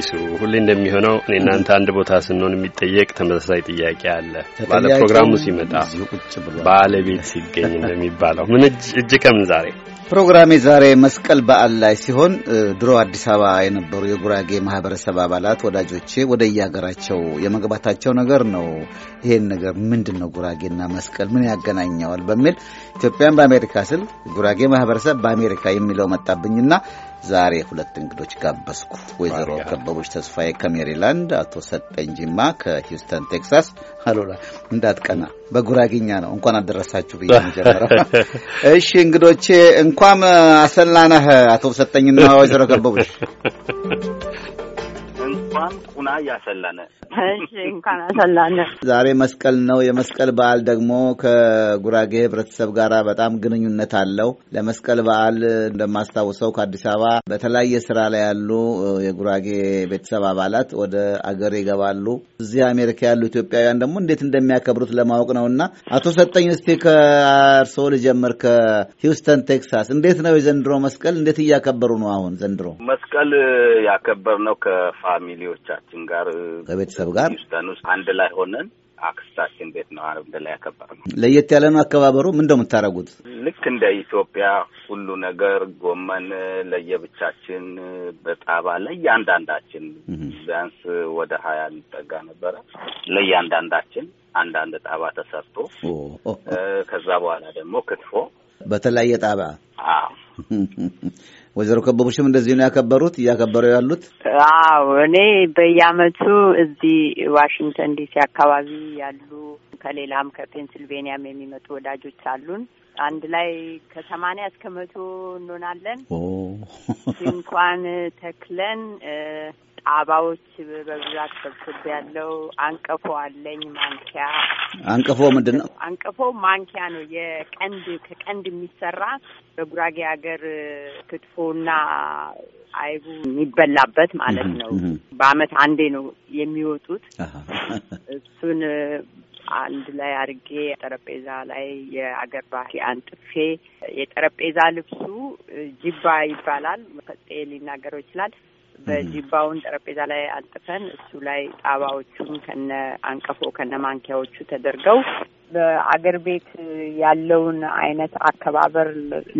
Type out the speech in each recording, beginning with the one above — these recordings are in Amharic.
አዲሱ ሁሌ እንደሚሆነው እኔ እናንተ አንድ ቦታ ስንሆን የሚጠየቅ ተመሳሳይ ጥያቄ አለ። ባለ ፕሮግራሙ ሲመጣ ባለቤት ሲገኝ እንደሚባለው ምን እጅ ከምን ዛሬ ፕሮግራሜ ዛሬ መስቀል በዓል ላይ ሲሆን ድሮ አዲስ አበባ የነበሩ የጉራጌ ማህበረሰብ አባላት ወዳጆቼ ወደ የሀገራቸው የመግባታቸው ነገር ነው። ይሄን ነገር ምንድን ነው ጉራጌና መስቀል ምን ያገናኘዋል በሚል ኢትዮጵያን በአሜሪካ ስል ጉራጌ ማህበረሰብ በአሜሪካ የሚለው መጣብኝና ዛሬ ሁለት እንግዶች ጋበዝኩ። ወይዘሮ ከበቦች ተስፋዬ ከሜሪላንድ፣ አቶ ሰጠኝ ጂማ ከሂውስተን ቴክሳስ። አሉላ እንዳትቀና በጉራግኛ ነው እንኳን አደረሳችሁ ብዬ ጀመረው። እሺ እንግዶቼ እንኳን አሰላነህ አቶ ሰጠኝና ወይዘሮ ከበቦች እንኳን ቁና እያሰላነ። እሺ እንኳን አሰላነ። ዛሬ መስቀል ነው። የመስቀል በዓል ደግሞ ከጉራጌ ህብረተሰብ ጋር በጣም ግንኙነት አለው። ለመስቀል በዓል እንደማስታውሰው ከአዲስ አበባ በተለያየ ስራ ላይ ያሉ የጉራጌ ቤተሰብ አባላት ወደ አገር ይገባሉ። እዚህ አሜሪካ ያሉ ኢትዮጵያውያን ደግሞ እንዴት እንደሚያከብሩት ለማወቅ ነው እና አቶ ሰጠኝ እስቲ ከእርስዎ ልጀምር። ከሂውስተን ቴክሳስ እንዴት ነው የዘንድሮ መስቀል? እንዴት እያከበሩ ነው አሁን ዘንድሮ መስቀል ያከበር ነው ከፋሚሊ ከፋሚሊዎቻችን ጋር ከቤተሰብ ጋር ሂውስተን ውስጥ አንድ ላይ ሆነን አክስታችን ቤት ነው አንድ ላይ ያከበር ነው። ለየት ያለ ነው አከባበሩ። ምን እንደው ልክ እንደ ኢትዮጵያ ሁሉ ነገር ጎመን ለየብቻችን በጣባ ለእያንዳንዳችን ቢያንስ ወደ ሀያ ሊጠጋ ነበረ ለእያንዳንዳችን አንዳንድ ጣባ ተሰርቶ ከዛ በኋላ ደግሞ ክትፎ በተለያየ ጣባ ወይዘሮ ከበቡሽም እንደዚህ ነው ያከበሩት እያከበሩ ያሉት? አዎ እኔ በየአመቱ እዚህ ዋሽንግተን ዲሲ አካባቢ ያሉ ከሌላም ከፔንስልቬኒያም የሚመጡ ወዳጆች አሉን። አንድ ላይ ከሰማንያ እስከ መቶ እንሆናለን። ድንኳን ተክለን አባዎች በብዛት ሰብስብ ያለው አንቀፎ አለኝ ማንኪያ። አንቀፎ ምንድን ነው? አንቀፎ ማንኪያ ነው። የቀንድ ከቀንድ የሚሰራ በጉራጌ ሀገር ክትፎና አይቡ የሚበላበት ማለት ነው። በአመት አንዴ ነው የሚወጡት። እሱን አንድ ላይ አድርጌ ጠረጴዛ ላይ የአገር ባህል አንጥፌ የጠረጴዛ ልብሱ ጅባ ይባላል። ሊናገረው ይችላል በጂባውን ጠረጴዛ ላይ አንጥፈን እሱ ላይ ጣባዎቹን ከነ አንቀፎ ከነ ማንኪያዎቹ ተደርገው በአገር ቤት ያለውን አይነት አከባበር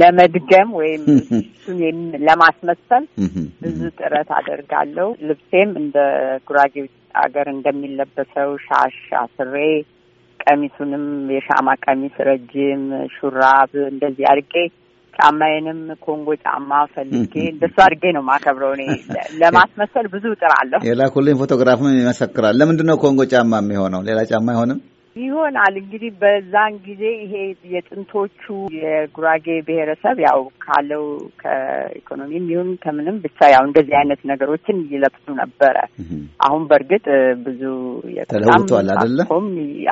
ለመድገም ወይም እሱን ለማስመሰል ብዙ ጥረት አደርጋለሁ። ልብሴም እንደ ጉራጌ አገር እንደሚለበሰው ሻሽ አስሬ ቀሚሱንም የሻማ ቀሚስ ረጅም ሹራብ እንደዚህ አድርጌ ጫማዬንም ኮንጎ ጫማ ፈልጌ እንደሱ አድርጌ ነው ማከብረው። እኔ ለማስመሰል ብዙ እጥራለሁ። የላኩልኝ ፎቶግራፍም ይመሰክራል። ለምንድን ነው ኮንጎ ጫማ የሚሆነው? ሌላ ጫማ አይሆንም? ይሆናል እንግዲህ በዛን ጊዜ ይሄ የጥንቶቹ የጉራጌ ብሔረሰብ ያው ካለው ከኢኮኖሚም ይሁን ከምንም ብቻ ያው እንደዚህ አይነት ነገሮችን ይለብሱ ነበረ። አሁን በእርግጥ ብዙ ተለውጧል፣ አይደለም?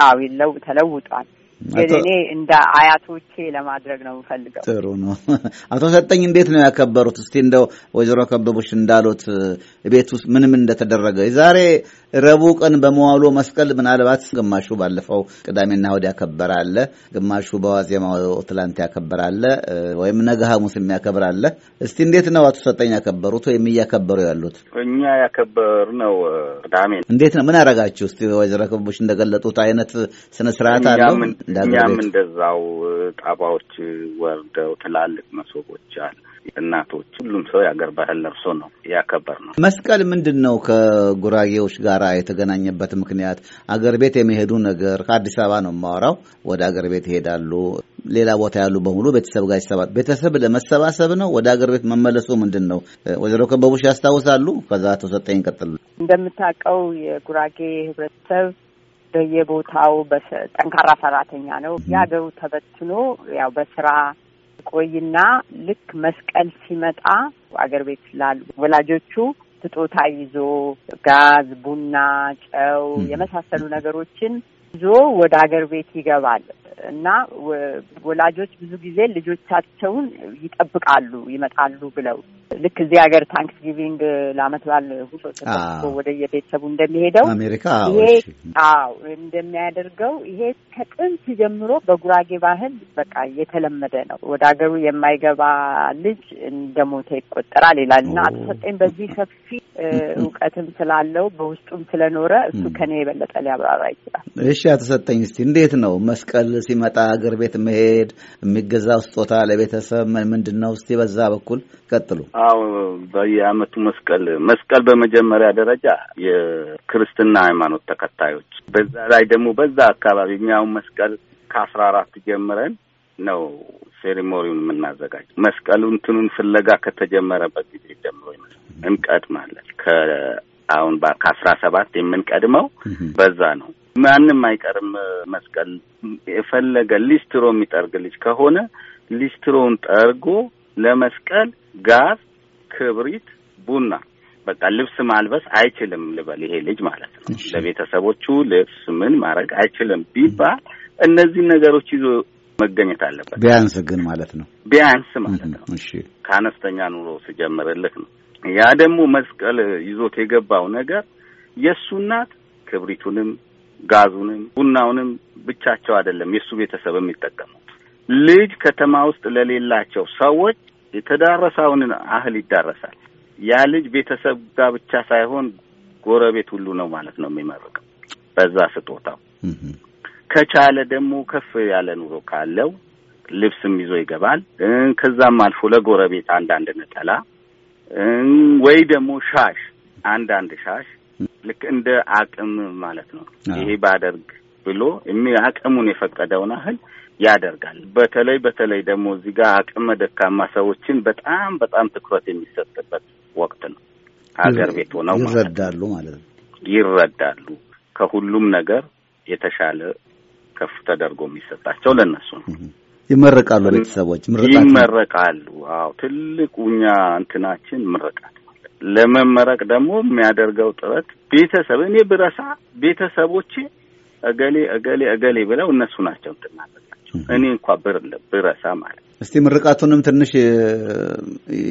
አዎ ተለውጧል። ግን እኔ እንደ አያቶቼ ለማድረግ ነው የምፈልገው። ጥሩ ነው። አቶ ሰጠኝ እንዴት ነው ያከበሩት? እስቲ እንደው ወይዘሮ ከበቦች እንዳሉት ቤት ውስጥ ምንም እንደተደረገ የዛሬ ረቡዕ ቀን በመዋሎ መስቀል ምናልባት ግማሹ ባለፈው ቅዳሜና እሑድ ያከበራለ፣ ግማሹ በዋዜማው ትላንት ያከበራለ፣ ወይም ነገ ሐሙስ የሚያከብራለ። እስቲ እንዴት ነው አቶ ሰጠኝ ያከበሩት ወይም እያከበሩ ያሉት? እኛ ያከበር ነው ቅዳሜ። እንዴት ነው ምን አረጋችሁ? እስቲ ወይዘሮ ክቡሽ እንደገለጡት አይነት ስነ ስርዓት አለው። እኛም እንደዛው ጣባዎች ወርደው ትላልቅ መሶቦች አለ እናቶች፣ ሁሉም ሰው የአገር ባህል ለብሶ ነው ያከበር ነው። መስቀል ምንድን ነው? ከጉራጌዎች ጋር የተገናኘበት ምክንያት አገር ቤት የመሄዱ ነገር ከአዲስ አበባ ነው የማወራው። ወደ አገር ቤት ይሄዳሉ። ሌላ ቦታ ያሉ በሙሉ ቤተሰብ ጋር ይሰባ ቤተሰብ ለመሰባሰብ ነው። ወደ አገር ቤት መመለሱ ምንድን ነው? ወይዘሮ ከበቡሽ ያስታውሳሉ። ከዛ ተሰጠኝ ቀጥል። እንደምታውቀው የጉራጌ ህብረተሰብ በየቦታው ጠንካራ ሰራተኛ ነው። የሀገሩ ተበትኖ ያው በስራ ቆይና ልክ መስቀል ሲመጣ አገር ቤት ላሉ ወላጆቹ ስጦታ ይዞ ጋዝ፣ ቡና፣ ጨው የመሳሰሉ ነገሮችን ይዞ ወደ አገር ቤት ይገባል እና ወላጆች ብዙ ጊዜ ልጆቻቸውን ይጠብቃሉ ይመጣሉ ብለው ልክ እዚህ ሀገር ታንክስ ጊቪንግ ለአመት በዓል ሁሉ ተሰብስቦ ወደ የቤተሰቡ እንደሚሄደው አሜሪካ ይሄ አዎ እንደሚያደርገው ይሄ ከጥንት ጀምሮ በጉራጌ ባህል በቃ የተለመደ ነው። ወደ ሀገሩ የማይገባ ልጅ እንደሞተ ይቆጠራል ይላል እና አቶ ሰጠኝ በዚህ ሰፊ እውቀትም ስላለው በውስጡም ስለኖረ እሱ ከኔ የበለጠ ሊያብራራ ይችላል። እሺ ድርሻ ተሰጠኝ። እስቲ እንዴት ነው መስቀል ሲመጣ አገር ቤት መሄድ የሚገዛው ስጦታ ለቤተሰብ ምንድን ነው? እስቲ በዛ በኩል ቀጥሉ። አዎ በየአመቱ መስቀል መስቀል በመጀመሪያ ደረጃ የክርስትና ሃይማኖት ተከታዮች በዛ ላይ ደግሞ በዛ አካባቢ የሚያው መስቀል ከአስራ አራት ጀምረን ነው ሴሪሞኒውን የምናዘጋጅ መስቀሉ እንትኑን ፍለጋ ከተጀመረበት ጊዜ ጀምሮ እንቀድማለን። ከአሁን ከአስራ ሰባት የምንቀድመው በዛ ነው። ማንም አይቀርም መስቀል የፈለገ ሊስትሮ የሚጠርግ ልጅ ከሆነ ሊስትሮውን ጠርጎ ለመስቀል ጋዝ፣ ክብሪት፣ ቡና በቃ ልብስ ማልበስ አይችልም ልበል ይሄ ልጅ ማለት ነው። ለቤተሰቦቹ ልብስ ምን ማድረግ አይችልም ቢባል እነዚህን ነገሮች ይዞ መገኘት አለበት። ቢያንስ ግን ማለት ነው ቢያንስ ማለት ነው ከአነስተኛ ኑሮ ስጀምርልህ ነው። ያ ደግሞ መስቀል ይዞት የገባው ነገር የእሱ እናት ክብሪቱንም ጋዙንም ቡናውንም ብቻቸው አይደለም የእሱ ቤተሰብ የሚጠቀመው። ልጅ ከተማ ውስጥ ለሌላቸው ሰዎች የተዳረሰውን አህል ይዳረሳል። ያ ልጅ ቤተሰብ ጋር ብቻ ሳይሆን ጎረቤት ሁሉ ነው ማለት ነው የሚመርቀው በዛ ስጦታው። ከቻለ ደግሞ ከፍ ያለ ኑሮ ካለው ልብስም ይዞ ይገባል። ከዛም አልፎ ለጎረቤት አንዳንድ ነጠላ ወይ ደግሞ ሻሽ አንዳንድ ሻሽ ልክ እንደ አቅም ማለት ነው። ይሄ ባደርግ ብሎ አቅሙን የፈቀደውን ያህል ያደርጋል። በተለይ በተለይ ደግሞ እዚህ ጋር አቅመ ደካማ ሰዎችን በጣም በጣም ትኩረት የሚሰጥበት ወቅት ነው። ሀገር ቤት ሆነው ይረዳሉ ማለት ነው። ይረዳሉ ከሁሉም ነገር የተሻለ ከፍ ተደርጎ የሚሰጣቸው ለእነሱ ነው። ይመረቃሉ፣ ቤተሰቦች ይመረቃሉ። አዎ ትልቁ እኛ እንትናችን ምርቃት ለመመረቅ ደግሞ የሚያደርገው ጥረት ቤተሰብ እኔ ብረሳ ቤተሰቦቼ እገሌ እገሌ እገሌ ብለው እነሱ ናቸው ትናበቃቸው እኔ እንኳ ብር ብረሳ ማለት እስቲ ምርቃቱንም ትንሽ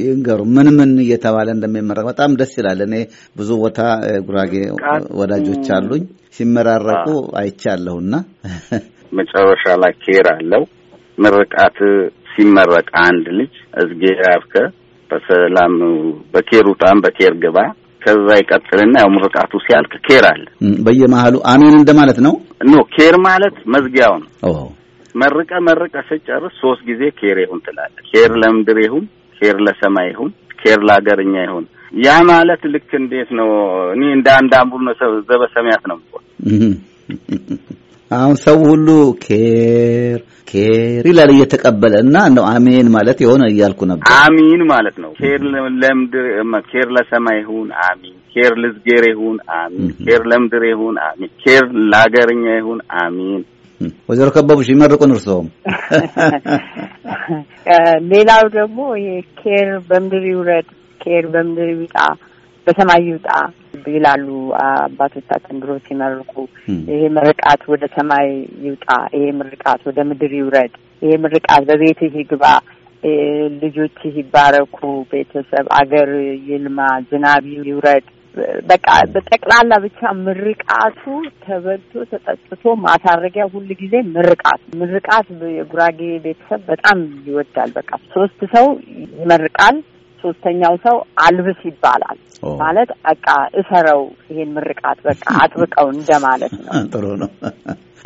ይንገሩ፣ ምን ምን እየተባለ እንደሚመረቅ በጣም ደስ ይላል። እኔ ብዙ ቦታ ጉራጌ ወዳጆች አሉኝ ሲመራረቁ አይቻለሁና መጨረሻ ላይ ኬር አለው ምርቃት ሲመረቅ አንድ ልጅ እዝጌ አብከ በሰላም በኬር ውጣም በኬር ግባ ከዛ ይቀጥልና ያው ምርቃቱ ሲያልቅ ኬር አለ። በየመሀሉ አሜን እንደማለት ነው። ኖ ኬር ማለት መዝጊያው ነው። መርቀ መርቀ ስጨርስ ሶስት ጊዜ ኬር ይሁን ትላለ ኬር ለምድር ይሁን፣ ኬር ለሰማይ ይሁን፣ ኬር ለሀገርኛ ይሁን። ያ ማለት ልክ እንዴት ነው? እኔ እንደ አንድ አምቡል ነው ዘበሰማያት ነው አሁን ሰው ሁሉ ኬር ኬር ይላል እየተቀበለ እና እንደው አሜን ማለት የሆነ እያልኩ ነበር። አሚን ማለት ነው። ኬር ለምድር ኬር ለሰማይ ይሁን አሚን። ኬር ልዝጌር ይሁን አሚን። ኬር ለምድር ይሁን አሚን። ኬር ለአገርኛ ይሁን አሚን። ወይዘሮ ከበቡሽ ይመርቁን እርስዎም። ሌላው ደግሞ ይሄ ኬር በምድር ይውረድ፣ ኬር በምድር ይውጣ፣ በሰማይ ይውጣ ይላሉ አባቶቻችን ድሮ ሲመርቁ። ይሄ ምርቃት ወደ ሰማይ ይውጣ፣ ይሄ ምርቃት ወደ ምድር ይውረድ፣ ይሄ ምርቃት በቤት ይግባ፣ ልጆች ይባረኩ፣ ቤተሰብ አገር ይልማ፣ ዝናብ ይውረድ። በቃ በጠቅላላ ብቻ ምርቃቱ ተበልቶ ተጠጥቶ ማሳረጊያ ሁል ጊዜ ምርቃት ምርቃት የጉራጌ ቤተሰብ በጣም ይወዳል። በቃ ሶስት ሰው ይመርቃል። ሶስተኛው ሰው አልብስ ይባላል። ማለት በቃ እሰረው ይሄን ምርቃት በቃ አጥብቀው እንደማለት ነው። ጥሩ ነው፣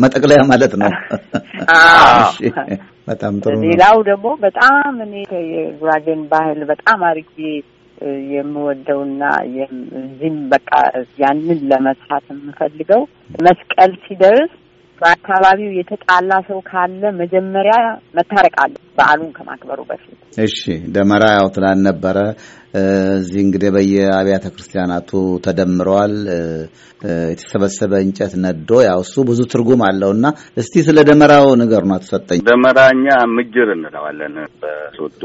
መጠቅለያ ማለት ነው። በጣም ጥሩ። ሌላው ደግሞ በጣም እኔ የጉራጌን ባህል በጣም አድርጌ የምወደውና እዚህም በቃ ያንን ለመስራት የምፈልገው መስቀል ሲደርስ በአካባቢው የተጣላ ሰው ካለ መጀመሪያ መታረቅ አለ፣ በዓሉን ከማክበሩ በፊት። እሺ ደመራ ያው ትላል ነበረ። እዚህ እንግዲህ በየአብያተ ክርስቲያናቱ ተደምረዋል። የተሰበሰበ እንጨት ነዶ፣ ያው እሱ ብዙ ትርጉም አለው እና እስቲ ስለ ደመራው ንገሩን አቶ ሰጠኝ። ደመራኛ ምጅር እንለዋለን በሶዶ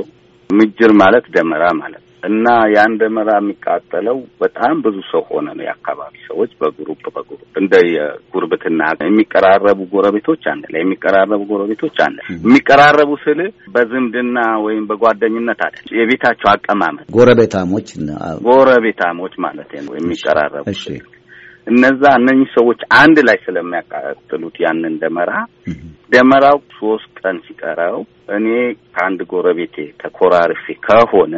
ምጅር ማለት ደመራ ማለት እና ያን ደመራ የሚቃጠለው በጣም ብዙ ሰው ሆነ ነው። የአካባቢ ሰዎች በግሩፕ በግሩፕ እንደ የጉርብትና የሚቀራረቡ ጎረቤቶች አንድ ላይ የሚቀራረቡ ጎረቤቶች አንድ የሚቀራረቡ ስል በዝምድና ወይም በጓደኝነት አለ የቤታቸው አቀማመጥ ጎረቤታሞች ጎረቤታሞች ማለት ነው የሚቀራረቡ እነዛ እነኚህ ሰዎች አንድ ላይ ስለሚያቃጥሉት ያንን ደመራ ደመራው ሶስት ቀን ሲቀረው እኔ ከአንድ ጎረቤቴ ተኮራርፌ ከሆነ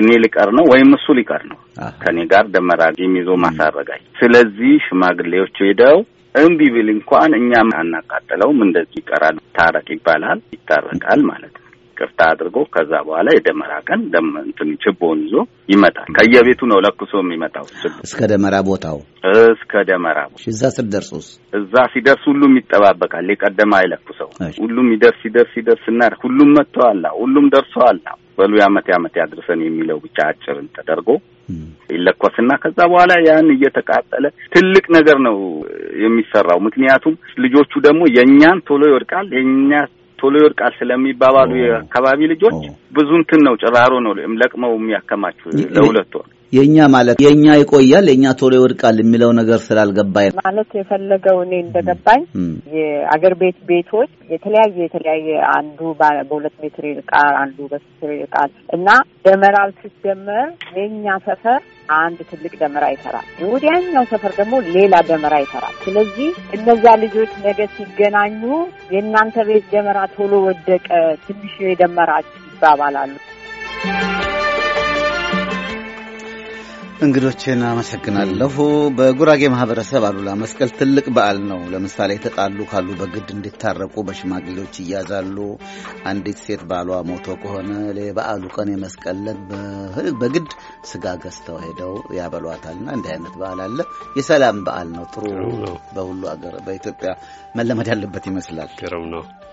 እኔ ሊቀር ነው ወይም እሱ ሊቀር ነው ከእኔ ጋር ደመራ የሚይዞ ማሳረጋይ። ስለዚህ ሽማግሌዎች ሄደው እምቢ ብል እንኳን እኛም አናቃጥለውም፣ እንደዚህ ይቀራል፣ ታረቅ ይባላል። ይታረቃል ማለት ነው። ቅርታ አድርጎ ከዛ በኋላ የደመራ ቀን እንትን ችቦውን ይዞ ይመጣል። ከየቤቱ ነው ለኩሶ የሚመጣው እስከ ደመራ ቦታው እስከ ደመራ እዛ ስደርሱስ እዛ ሲደርስ ሁሉም ይጠባበቃል። የቀደመ አይለኩሰው ሁሉም ይደርስ ይደርስ ይደርስ እና ሁሉም መጥተዋላ፣ ሁሉም ደርሰዋላ በሉ የአመት የአመት ያድርሰን የሚለው ብቻ አጭርን ተደርጎ ይለኮስና ከዛ በኋላ ያን እየተቃጠለ ትልቅ ነገር ነው የሚሰራው። ምክንያቱም ልጆቹ ደግሞ የእኛን ቶሎ ይወድቃል የእኛ ቶሎ ይወድቃል ስለሚባባሉ የአካባቢ ልጆች ብዙ እንትን ነው ጭራሮ ነው ለቅመው የሚያከማችሁ ለሁለት ወር የእኛ ማለት የእኛ ይቆያል የእኛ ቶሎ ይወድቃል የሚለው ነገር ስላልገባኝ ማለት የፈለገው እኔ እንደገባኝ የአገር ቤት ቤቶች የተለያየ የተለያየ አንዱ በሁለት ሜትር ይርቃል፣ አንዱ በስትር ይርቃል እና ደመራል ሲደመር የእኛ ሰፈር አንድ ትልቅ ደመራ ይሰራል። ወዲያኛው ሰፈር ደግሞ ሌላ ደመራ ይሰራል። ስለዚህ እነዛ ልጆች ነገ ሲገናኙ የእናንተ ቤት ደመራ ቶሎ ወደቀ፣ ትንሽ የደመራችሁ ይባባላሉ። እንግዶችን አመሰግናለሁ። በጉራጌ ማህበረሰብ አሉላ መስቀል ትልቅ በዓል ነው። ለምሳሌ የተጣሉ ካሉ በግድ እንዲታረቁ በሽማግሌዎች ይያዛሉ። አንዲት ሴት ባሏ ሞቶ ከሆነ በዓሉ ቀን የመስቀልን በግድ ስጋ ገዝተው ሄደው ያበሏታልና እንዲህ አይነት በዓል አለ። የሰላም በዓል ነው። ጥሩ በሁሉ አገር በኢትዮጵያ መለመድ ያለበት ይመስላል። ነው።